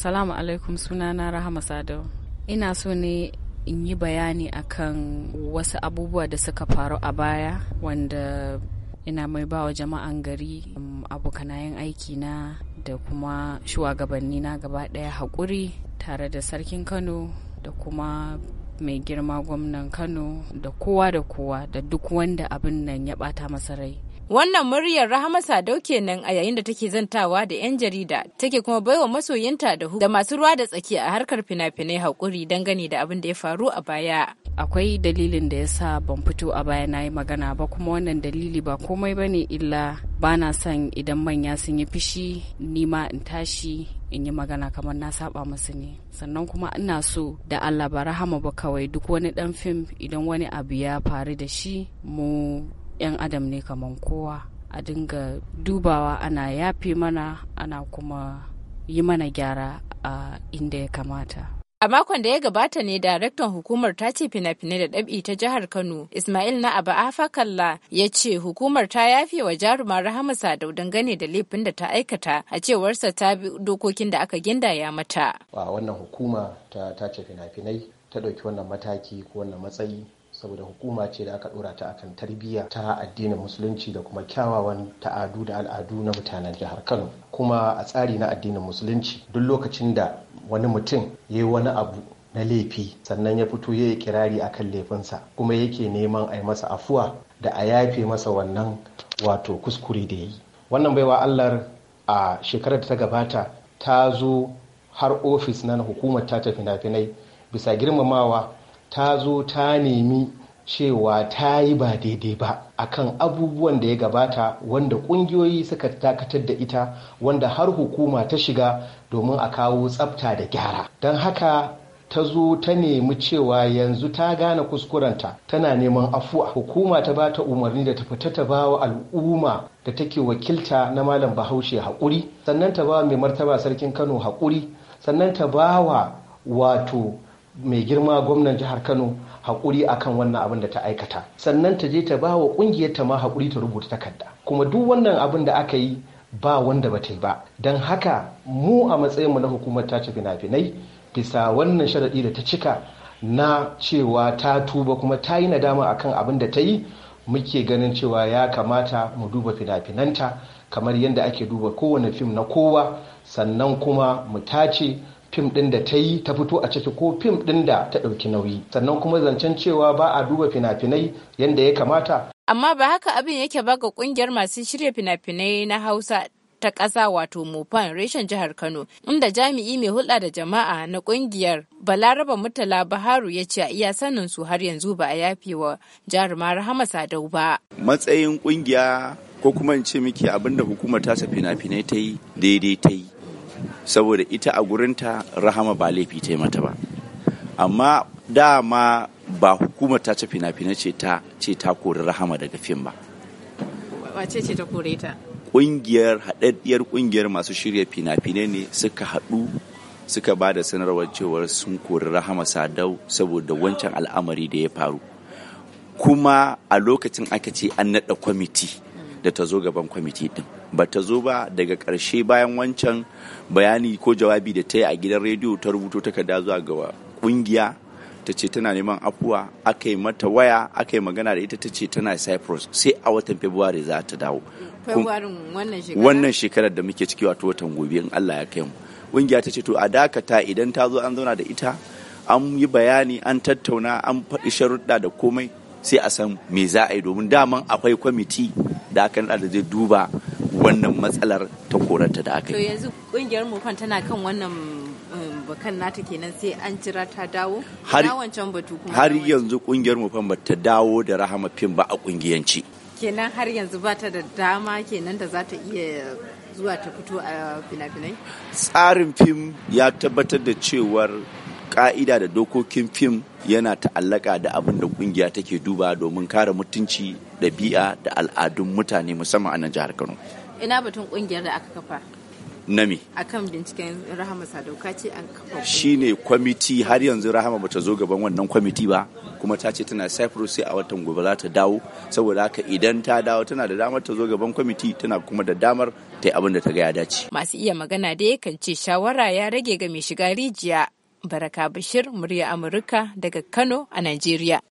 Salamu alaikum sunana Rahama Sadau. Ina so ne in yi bayani akan wasu abubuwa da suka faru a baya wanda ina mai bawa jama'an gari um, abokanayen aiki na da kuma shugabanni na gaba ɗaya haƙuri tare da sarkin Kano da kuma mai girma gwamnan Kano da kowa da kowa da duk wanda abin nan ya ɓata masa rai. Wannan muryar Rahama Sadau kenan a yayin da take zantawa da 'yan jarida take kuma baiwa masoyinta da da masu ruwa da tsaki a harkar fina-finai haƙuri dangane da abin da ya faru a baya. Akwai dalilin da ya sa ban fito a baya na yi magana ba kuma wannan dalili ba komai ba ne illa ba na son idan manya sun yi fishi nima in tashi in yi magana kamar na saba musu ne sannan kuma ina so da Allah ba rahama ba kawai duk wani dan fim idan wani abu ya faru da shi mu 'yan adam ne kamar kowa a dinga dubawa ana yafe mana ana kuma yi mana gyara a inda ya kamata A makon da ya gabata ne daraktan hukumar ta ce fina-finai da ɗabi ta jihar Kano, Ismail na Aba Afakalla ya ce hukumar ta yafe wa jaruma Rahama Sadau dangane da laifin da ta aikata a cewarsa ta bi dokokin da aka gindaya mata. A wannan hukuma ta ce fina-finai ta ɗauki wannan mataki ko wannan matsayi saboda hukuma ce da aka dora ta akan tarbiyya ta addinin musulunci da kuma kyawawan ta'adu da al'adu na mutanen jihar Kano kuma a tsari na addinin musulunci duk lokacin da wani mutum ya yi wani abu na laifi sannan ya fito ya yi kirari akan laifinsa kuma yake neman a yi masa afuwa da a yafe masa wannan wato kuskure da ya yi wannan baiwa allar a shekarar da ta gabata ta zo har ofis na hukumar ta fina-finai bisa girmamawa ta zo ta nemi cewa ta yi ba daidai ba a kan abubuwan da ya gabata wanda kungiyoyi suka dakatar da ita wanda har hukuma ta shiga domin a kawo tsafta da gyara don haka ta zo ta nemi cewa yanzu ta gane kuskurenta tana neman afuwa hukuma ta ba ta umarni da ta fita ta ba wa al'umma da take wakilta na malam bahaushe haƙuri sannan ta ba mai martaba sarkin kano haƙuri sannan ta ba wa wato mai girma gwamnan jihar kano haƙuri akan wannan abin da ta aikata sannan ta je ta ba wa ƙungiyar ta ma haƙuri ta rubuta takarda kuma duk wannan abin da aka yi ba wanda ba ta yi ba don haka mu a matsayinmu na hukumar tace fina-finai bisa wannan sharaɗi da ta cika na cewa ta tuba kuma ta yi nadama akan abin da ta yi muke ganin cewa ya kamata mu duba fina-finanta kamar yadda ake duba kowane fim na kowa sannan kuma mu tace fim ɗin da ta yi ta fito a ciki ko fim ɗin da ta ɗauki nauyi sannan kuma zancen cewa ba a duba fina-finai yadda ya kamata. Amma ba haka abin yake ba ga ƙungiyar masu shirya fina-finai na Hausa ta ƙasa wato Mofan reshen jihar Kano, inda jami'i mai hulɗa da jama'a na ƙungiyar Balaraba Murtala Baharu ya ce a iya sanin su har yanzu ba a yafe wa jarumar Rahama Sadau ba. Matsayin ƙungiya ko kuma in ce miki abinda hukumar tasa fina-finai ta yi daidai ta yi. saboda ita a gurinta rahama ba laifi ta yi mata ba amma dama ba hukumar ta ce fina fina ce ta ce ta kori rahama daga fim ba wace ce ta kore ta ƙungiyar haɗaɗɗiyar ƙungiyar masu shirya fina-finai ne suka haɗu suka ba da sanarwar cewar sun kori rahama sadau saboda wancan al'amari da ya faru kuma a lokacin aka ce an naɗa kwamiti da ta zo gaban kwamiti din ba ta zo ba daga ƙarshe bayan wancan bayani ko jawabi da ta yi a gidan rediyo ta rubuto takarda zuwa ga ƙungiya ta ce tana neman afuwa aka yi mata waya aka yi magana da ita ta ce tana cyprus sai a watan february za ta dawo wannan shekarar da muke ciki wato watan gobe in allah ya kai mu ƙungiya ta ce to a dakata idan ta zo an zauna da ita an yi bayani an tattauna an faɗi sharuɗa da komai sai a san me za a yi domin daman akwai kwamiti da aka da zai duba wannan matsalar ta korata da aka yi. yanzu kungiyar mufan tana kan wannan um, bakan nata kenan sai an jira ta dawo? Har wancan batu kuma. Har yanzu kungiyar mufan ba ta dawo da rahama fim ba a kungiyanci. Kenan har yanzu ba ta da dama kenan da za ta iya zuwa ta fito a fina-finai? Tsarin fim ya tabbatar da cewar ka'ida da dokokin fim yana ta'allaka da abin da kungiya take duba domin kare mutunci ɗabi'a da al'adun mutane musamman a nan jihar kano ina batun kungiyar da aka kafa Nami. A akan binciken rahama sadauka ce an kafa Shi ne kwamiti har yanzu rahama bata zo gaban wannan kwamiti ba kuma ta ce tana cyprus sai a watan gobe za ta dawo saboda haka idan ta dawo tana da damar ta zo gaban kwamiti tana kuma da damar ta yi abin da ta ga ya dace masu iya magana da yakan ce shawara ya rage ga mai shiga rijiya baraka bashir murya amurka daga kano a najeriya